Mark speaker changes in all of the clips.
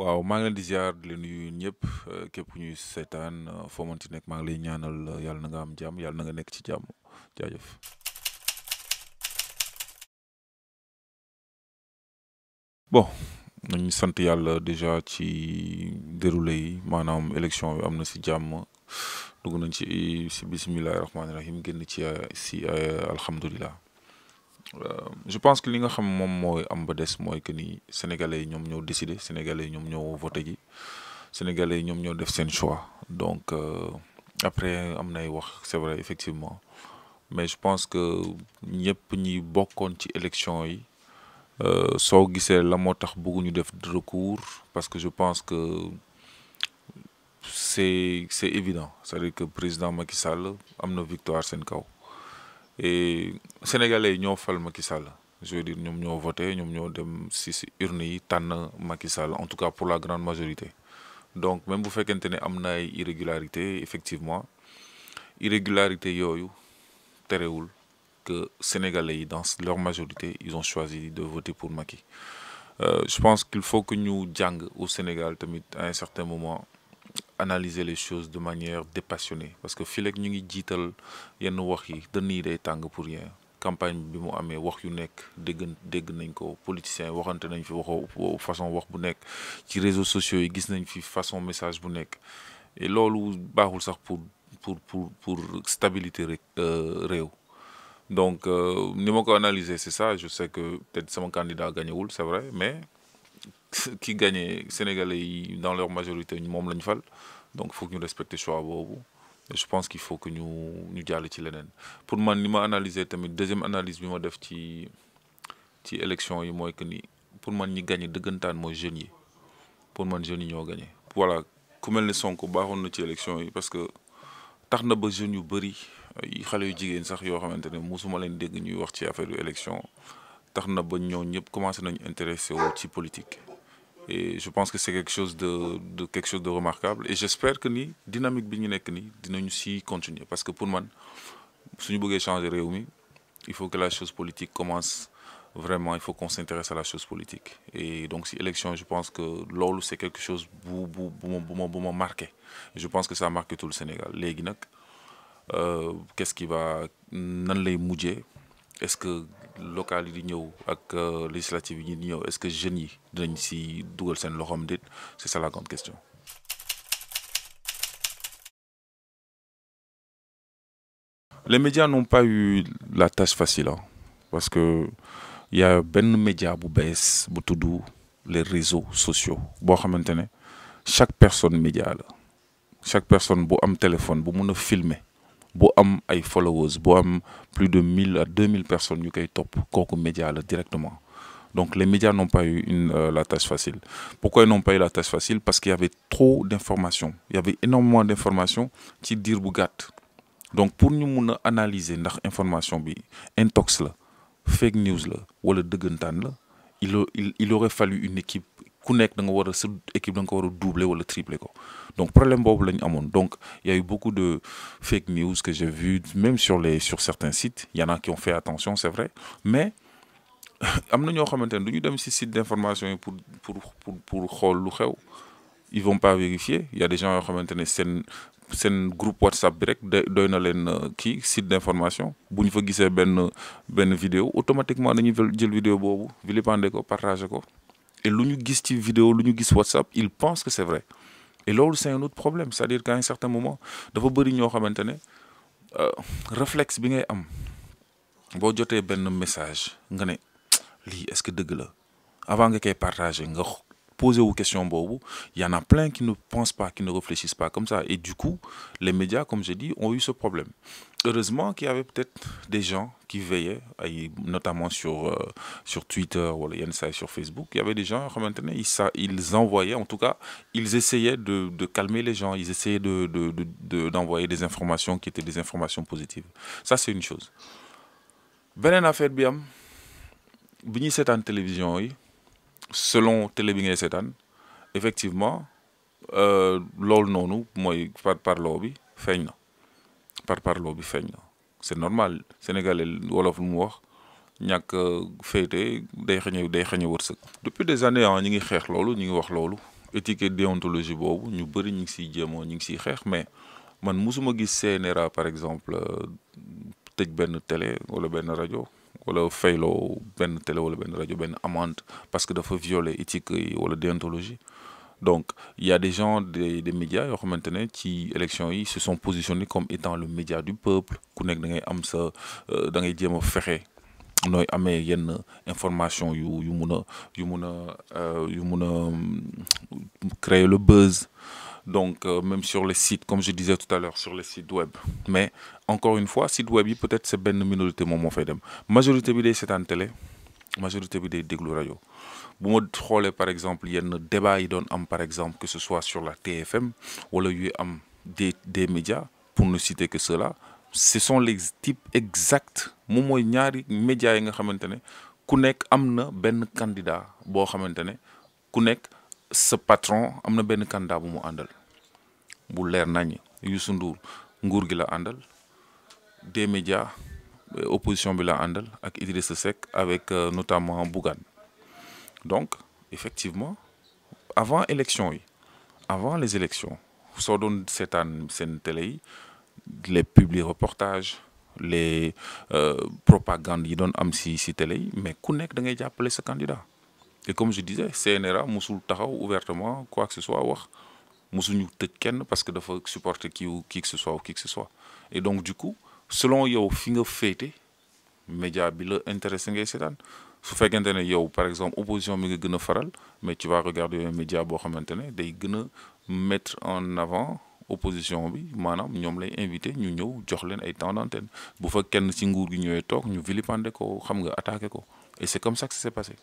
Speaker 1: waaw maa ngi leen di ziar leen nuyu ñëpp euh, képp ñuy seetaan euh, foo mënti nekk maa ngi lay ñaanal euh, yàlla nanga am jàmm yàlla na nga nekk ci jàmm jaajëf. bon nañu sant yàlla déjà ci déroulé yi maanaam élection bi am na si jàmm dugg nañ ci si bisimilah rahmaani rahim génn ci si alhamdulilah. Euh, je pense que li nga xam moom mooy am ba des mooy que nii sénégalais yi ñoom ñoo décidé sénégalais yi ñoom ñoo voté ji sénégalais yi ñoom ñoo def seen choix donc euh, après am nay wax c'est effectivement mais je pense que ñëpp ñi bokkoon ci élection yi euh, soo gisee la moo tax bëgguñu def recours parce que je pense que c'est c'est évident c'est-à-dire que président Macky Sall am na victoire seen kaw. sénégalais yi ñoo fal Macky Sall je veux dire ñoom ñoo voté ñoom ñoo dem si si urne yi tànn Macky Sall en tout cas pour la grande majorité donc même bu fekkente ne am na ay irrégularité effectivement irrégularité yooyu terewul que sénégalais yi dans leur majorité ils ont choisi de voter pour Macky euh, je pense qu'il faut que ñu jàng au Sénégal tamit à un certain moment analyser les choses de manière dépassionnée parce que fii rek ñu ngi jiital yenn wax yi dënn nii day tàng pour rien campagne bi mu amee wax yu nekk dégg dégg nañ ko politiciens yi waxante nañ fi waxoo façon wax bu nekk ci réseau sociaux yi gis nañ fi façon message bu nekk et loolu baaxul sax pour pour pour pour stabilité rek euh, réew donc euh, ni ma ko analyser c'est ça je sais que peut-être sama candidat gagnewul c'est vrai ki gagné sénégalais yi dans leur majorité moom la ñu fal donc faut ñu respecter choix boobu je pense qu'il faut que ñu ñu jàll ci leneen pour man li ma analyser tamit deuxième analyse bi ma def ci ci élection yi mooy que ni pour man ñi gagné dëggantaan mooy jeunes yi pour man jeunes yi ñoo gagné. voilà ku mel ne Sonko baaxoon na ci élection yi parce que tax na ba jeunes yu bëri xale yu jigéen sax yoo xamante ne mosuma leen dégg ñuy wax ci affaire yu élection tax na ba ñoo ñëpp commencé nañu intéressé wu ci politique. je pense que c'est quelque chose de de quelque chose de remarquable et j'espère que ni dynamique bi ñu nekk nii dinañu si continuer parce que pour man suñu bëggee changer réew mi il faut que la chose politique commence vraiment il faut qu'on s'intéresse à la chose politique et donc si élection je pense que loolu c'est quelque chose bu bu bu ma bu ma bu ma marqué je pense que ça a marqué tout le Sénégal léegi nag euh, qu'est-ce qui va nan lay mujjee locales yi di ñëw ak euh, législatives yi di ñëw est-ce que jeunes yi dinañ si dugal seen loxoom déet c'est ça la grande question. les médias n'ont pas eu la tâche facile parce que y benn média bu bees bu tudd les réseaux sociaux boo xamante ne chaque personne média la chaque personne bu am téléphone bu mun a filmer. bu am ay followers boo am plus de mille à deux mille personnes ñu koy topp kooku média la directement donc les médias n'ont pas eu une euh, la tâche facile pourquoi ils n'ont pas eu la tâche facile parce qu'il y avait trop d'informations il y avait énormément d'informations ci diir bu gàtt donc pour ñu mun a analyser ndax information bi intox la fake news la wala dëggantaan la il il aurait fallu une équipe ku nekk da nga war a sa équipe da nga ko a doubler wala tripler ko donc problème boobu la ñu amoon donc y a eu beaucoup de fake news que j'ai vu même sur les sur certains sites y en a qui ont fait attention c'est vrai mais am na ñoo xamante ne du ñu dem si site d'information yi pour pour pour pour xool lu xew ils vont pas vérifier y a des gens yoo xamante ne seen seen groupe WhatsApp bi rek doy na leen euh, kii site d'information bu ñu fa gisee benn benn vidéo automatiquement dañuy jël vidéo boobu vilipender ko partager ko et lu ñu gis ci vidéo lu ñu gis WhatsApp ils pensent que c'est vrai et loolu c'est un problème c'est-à-dire qu'à un certain moment dafa bëri ñoo xamante ne euh, réflexe bi ngay am boo jotee benn message nga ne lii est-ce que dëgg la avant nga koy partager nga posé wu question boobu y en a plein qui ne pensent pas qui ne réfléchissent pas comme ça et du coup les médias comme je dis ont eu ce problème heureusement qu'il y avait peut-être des gens qui veillaient ay notamment sur euh, Twitter wala yenn saa yi sur Facebook il y avait des gens xamante ne ils sa ils envoyaient en tout cas ils essayaient de de calmer les gens ils d'envoyer des informations qui étaient des informations positives ça c'est une chose beneen affaire bi am bi ñuy seetaan télévision yi selon télé bi ngay seetaan effectivement euh, loolu noonu mooy par parloo bi feeñ na par parloo bi feeñ na c'est normal sénégalais wolof lu mu wax ñàkk féete day xañe day xañe wërsëg. depuis des années ah ñu ngi xeex loolu ñu ngi wax loolu éthique et déontologie boobu ñu bëri ñu ngi siy jéemoo ñu ngi siy xeex mais man musuma gis seenera par exemple euh, tëj benn télé wala benn rajo. wala fayloo benn télé wala benn rajo benn amende parce que dafa violer éthique yi wala déontologie donc ya des gens de des médias yoo xamante ne ci élection yi se sont positionnés comme étant le média du peuple ku nekk da ngay am sa euh, da jéem a fexe. nooy amee yenn information yu yu mun a yu mun a euh, yu mun a euh, créer le buzz donc euh, même sur les sites comme je disais tout à l'heure sur les sites web mais encore une fois site web yi peut-être c'est benn minorité moom moo fay dem majorité bi de seetaan télé majorité bi de déglu rajo bu ma xoolee par exemple yenn débat yi doon am par exemple que ce soit sur la TFM wala yuy am des des médias pour ne citer que cela ce sont les types exacts moom mooy ñaari médias yi nga xamante ne ku nekk am na benn candidat boo xamante ne ku nekk sa patron am na benn candidat bu mu àndal bu leer nañ Youssou Ndour nguur gi la àndal des médias euh, opposition bi la àndal ak Idrissa Seck avec euh, notamment Bougane donc effectivement avant élection yi avant les élections soo doon seetaan seen télé yi les publie reportages les euh, propagandes yi doon am si si yi mais ku nekk da ngay jàppale sa candidat et comme je disais CNRA musul taxaw ouvertement quoi que ce soit wax musuñu tëj kenn parce que dafa supporter kii wu qui que ce soit ou qui que ce soit et donc du coup selon yow fi nga féete média bi la intéressé ngay seetaan su fekkente ne yow par exemple opposition bi nga gën a faral mais tu vas regarder un média boo xamante ne day gën a mettre en avant opposition bi maanaam ñoom lay invité ñu ñëw jox leen ay temps bu fa kenn ci nguur gi ñëwee toog ñu vilipender ko xam nga attaqué ko et c'est comme ça que ça s'est passé.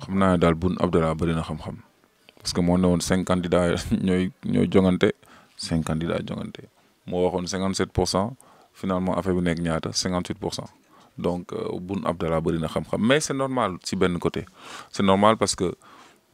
Speaker 1: xam naa daal Boun Abdallah bëri na xam-xam parce que moo ne woon cinq candidats ñooy ñooy jongante cinq candidats jongante moo waxoon cinquante sept pour cent finalement affaire bi nekk ñaata cinquante huit pour cent donc euh, Boun Abdallah bëri na xam-xam mais c'est normal ci benn côté c'est normal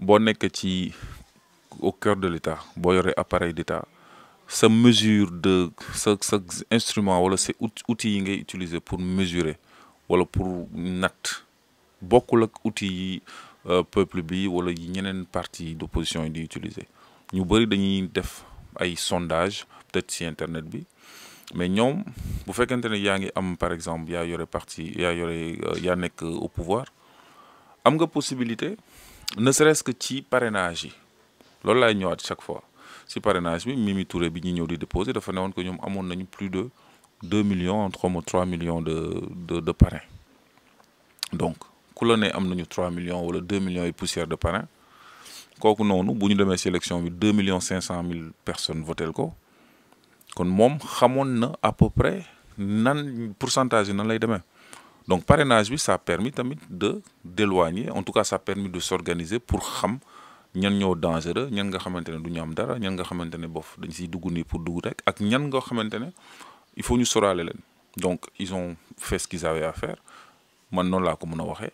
Speaker 1: boo nekk ci au cœur de l'état boo yoree appareil d'état sa mesure de sa sa instrument wala sa outil yi ngay utiliser pour mesurer wala pour natt bokkul ak outil yi euh, peuple bi wala yi ñeneen partie d'opposition yi di utiliser ñu bëri dañuy def ay sondage peut ci internet bi mais ñoom bu fekkente ne yaa ngi am par exemple yaa yore parti yaa yore euh, yaa nekk au pouvoir am nga possibilité ne serait-ce que ci parrainage yi loolu laay ñëwaat chaque fois si parrainage bi Mimi Touré bi ñuy ñëw di déposer dafa newoon ko ñoom amoon nañu plus de deux millions entre moom trois millions de de de parrain donc ku la ne am nañu trois millions wala deux millions et poussière de parrain kooku noonu bu ñu demee si bi deux millions cinq cent mille personnes votel ko kon moom xamoon na à peu près nan pourcentage yi nan lay demee. donc parrainage bi ça a permis tamit de d'éloigner en tout cas ça a permis de s'organiser pour xam ñan ñoo dangereux ñan nga xamante ne du ñu am dara ñan nga xamante ne bof dañ si dugg nii pour dugg rek ak ñan nga xamante ne il faut ñu sorale leen donc ils ont fait ce qu'ils avaient à man noonu laa ko mën a waxee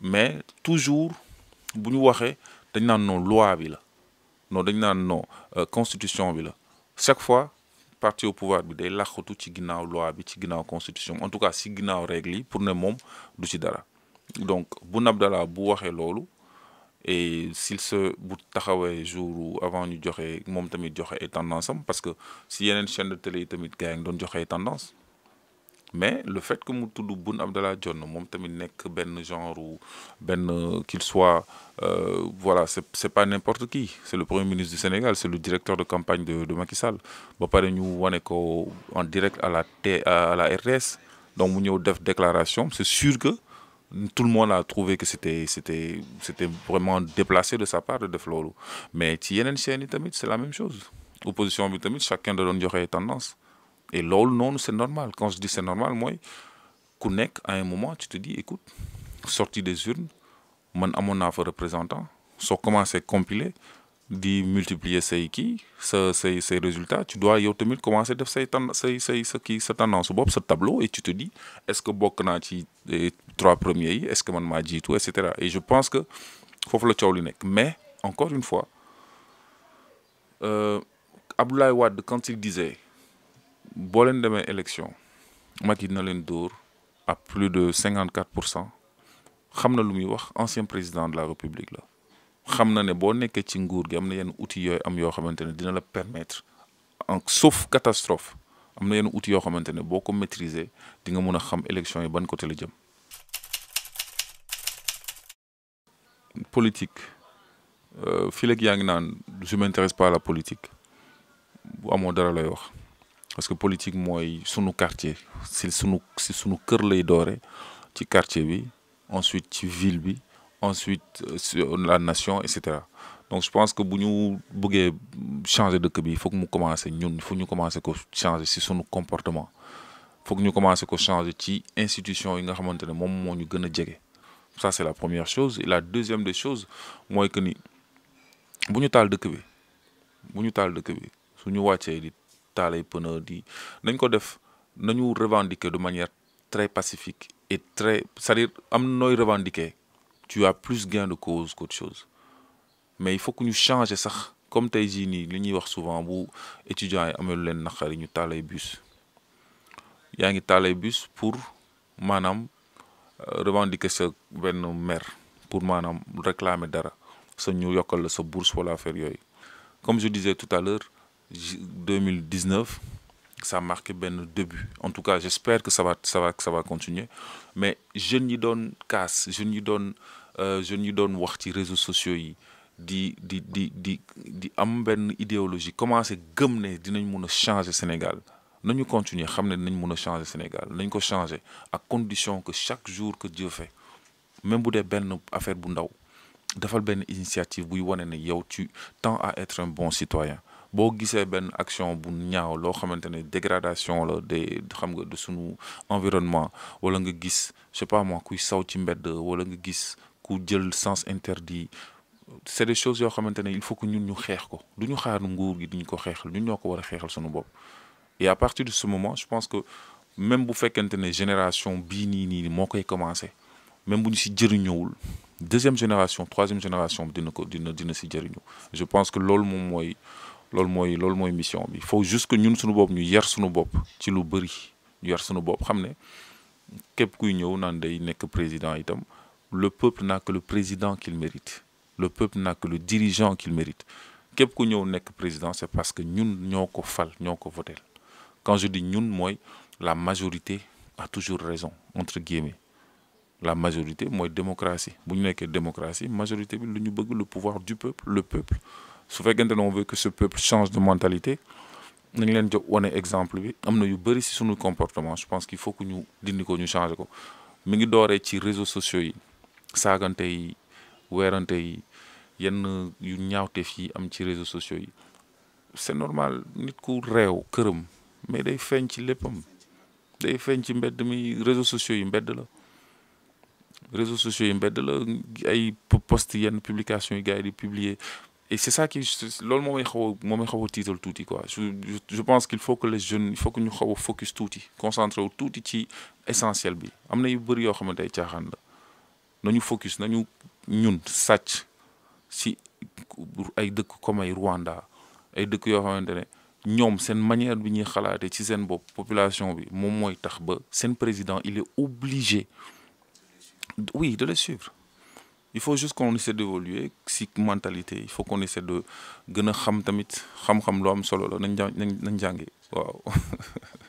Speaker 1: mais toujours bu ñu waxee dañ naan non loi bi la non dañ naan non euh, constitution bi la chaque fois parti au pouvoir bi day làqatu ci ginnaaw loi bi ci ginnaaw constitution en tout cas si ginnaaw règle yi pour ne moom du ci dara donc bu nab Abdallah bu waxee loolu et si se bu taxawee jour avant ñu joxee moom tamit joxe ay tendance parce que si yeneen chaîne de télé yi tamit gars yi ngi doon joxe ay tendance mais le fait que mu tudd Boun Abdallah Dionne moom tamit nekk benn genre ou benn qu'il soit euh, voilà c'est c'est pas n'importe qui c'est le premier ministre du Sénégal c'est le directeur de campagne de de Macky Sall ba pare ñu wane ko en direct à la T à la RTS donc mu ñëw def déclaration c'est sûr que tout le monde a trouvé que c'était c'était c'était vraiment déplacé de sa part de def loolu mais ci yeneen chaînes yi tamit c'est la même chose opposition bi tamit chacun da doon joxe tendance et loolu noonu c'est normal quand je dis c'est normal mooy ku nekk à un moment tu te dis écoute sortie des urnes man amoon naa fa représentant soo commencé compiler di multiplier say kii sa say say résultats tu dois yow tamit commencer def say tan say say sa kii sa tendance bopp sa tableau et tu te dis est-ce que bokk naa ci eh, trois premiers yi est-ce que man maa jiitu et cetera et je pense que foofu la coow li nekk mais encore une fois euh, Abdoulaye Wade quand il disait boo leen demee élection Macky na leen dóor à plus de cinquante quatre pour cent xam na lu muy wax ancien président de la république la xam na ne boo nekkee ci nguur gi am na yenn outils yooyu am yoo xamante ne dina la permettre en sauf catastrophe am na yenn outils yoo xamante ne boo ko maîtriser di nga mun a xam élection yi ban côté la jëm. politique euh, fii léegi yaa ngi naan je m'intéresse pas la politique bu amoo dara lay wax. parce que politique mooy sunu quartier si sunu si sunu kër lay doore ci quartier bi ensuite ci ville bi ensuite euh, sur la nation et cetera donc je pense que bu ñu buggee changer dëkk bi il faut mu commencer ñun il faut ñu commencer ko changer si sunu comportement il ñu commencer ko changer ci institution yi nga xamante ne moom moo ñu gën a jege ça c'est la première chose et la deuxième de choses mooy que ni bu ñu taal dëkk bi bu ñu taal dëkk bi su ñu wàccee di taalay pneu di nañ ko def nañu revendiquer de manière très pacifique et très cest dire am nooy revendiquer tu as plus gain de cause qu'autre chose mais il faut que ñu changer sax comme tey jii nii li ñuy wax souvent bu étudiants yi amee lu leen naqari ñu taalay bus yaa ngi taalay bus pour maanaam euh, revendiquer sa benn maire pour maanaam réclamer dara sa ñu yokkal la sa bourse wala affaire yooyu comme je disais tout à l'heure 2019 ça marque benn début en tout cas j'espère que ça va ça va ça continuer mais jeunes yi doon kaas jeunes yi doon euh, jeunes yi doon wax ci réseaux sociaux yi di di di di di am benn idéologie commencé gëm ne dinañ mun a changer Sénégal nañu continuer xam ne dinañ mun a changer Sénégal nañ ko changer à condition que chaque jour que Dieu fait même bu dee benn affaire bu ndaw defal benn initiative buy wane ne yow tu temps à être un bon citoyen boo gisee benn action bu ñaaw loo xamante ne dégradation la de xam nga de sunu environnement wala nga gis je sais pas moi kuy saw ci mbedd wala nga gis ku jël sens interdit c'est des choses yoo xamante ne il faut que ñun ñu xeex ko du ñu xaar nguur gi duñu ko xeexal ñun ñoo ko war a xeexal sunu bopp et à partir de ce moment je pense que même bu fekkente ne génération bii nii nii moo koy commencé même bu ñu si jëriñëwul deuxième génération troisième génération dina ko dina dina si jëriñu je pense que loolu moom mooy loolu mooy loolu mooy mission bi il faut juste que ñun suñu bopp ñu yar suñu bopp ci lu bëri ñu yar sunu bopp xam ne képp kuy ñëw naan day nekk président itam le peuple n'a que le président qu'il mérite le peuple n'a que le dirigeant qu'il mérite képp ku ñëw nekk président c'est parce que ñun ñoo ko fal ñoo ko votel quand je dis ñun mooy la majorité a toujours raison entre guillemets la majorité mooy démocratie bu ñu nekkee démocratie majorité bi lu ñu bëgg le pouvoir du peuple le su fekkente ne on veut que ce change de mentalité nañ leen jox wane exemple bi am na yu bëri si suñu comportement je pense qu'il faut que ñu dindi ko ñu changer ko mi ngi dooree ci réseaux sociaux yi saagante yi weerante yi yenn yu ñaawteef yi am ci réseaux sociaux yi c'est normal nit ku réew këram mais day feeñ ci léppam day feeñ ci mbedd mi réseaux sociaux yi mbedd la réseaux sociaux yi mbedd la ay post yenn publication yi gars yi di publier et c'est ça qui loolu moo may xaw a moo tiital tuuti quoi je je pense qu'il faut que les jeunes il faut que ñu xaw a focus tuuti concentré wu tuuti ci essentiel bi am na yu bëri yoo xamante ay caaxaan la nañu focus nañu ñun sàcc si ay dëkk comme ay Rwanda ay dëkk yoo xamante ne ñoom seen manière bi ñuy xalaatee ci seen bopp population bi moom mooy tax ba seen président il est obligé oui de les suivre il faut juste qu'on essaie d'évoluer si mentalité il faut qu'on essaie de gën a xam tamit xam-xam lu am solo la nañ nañ nañ jàngi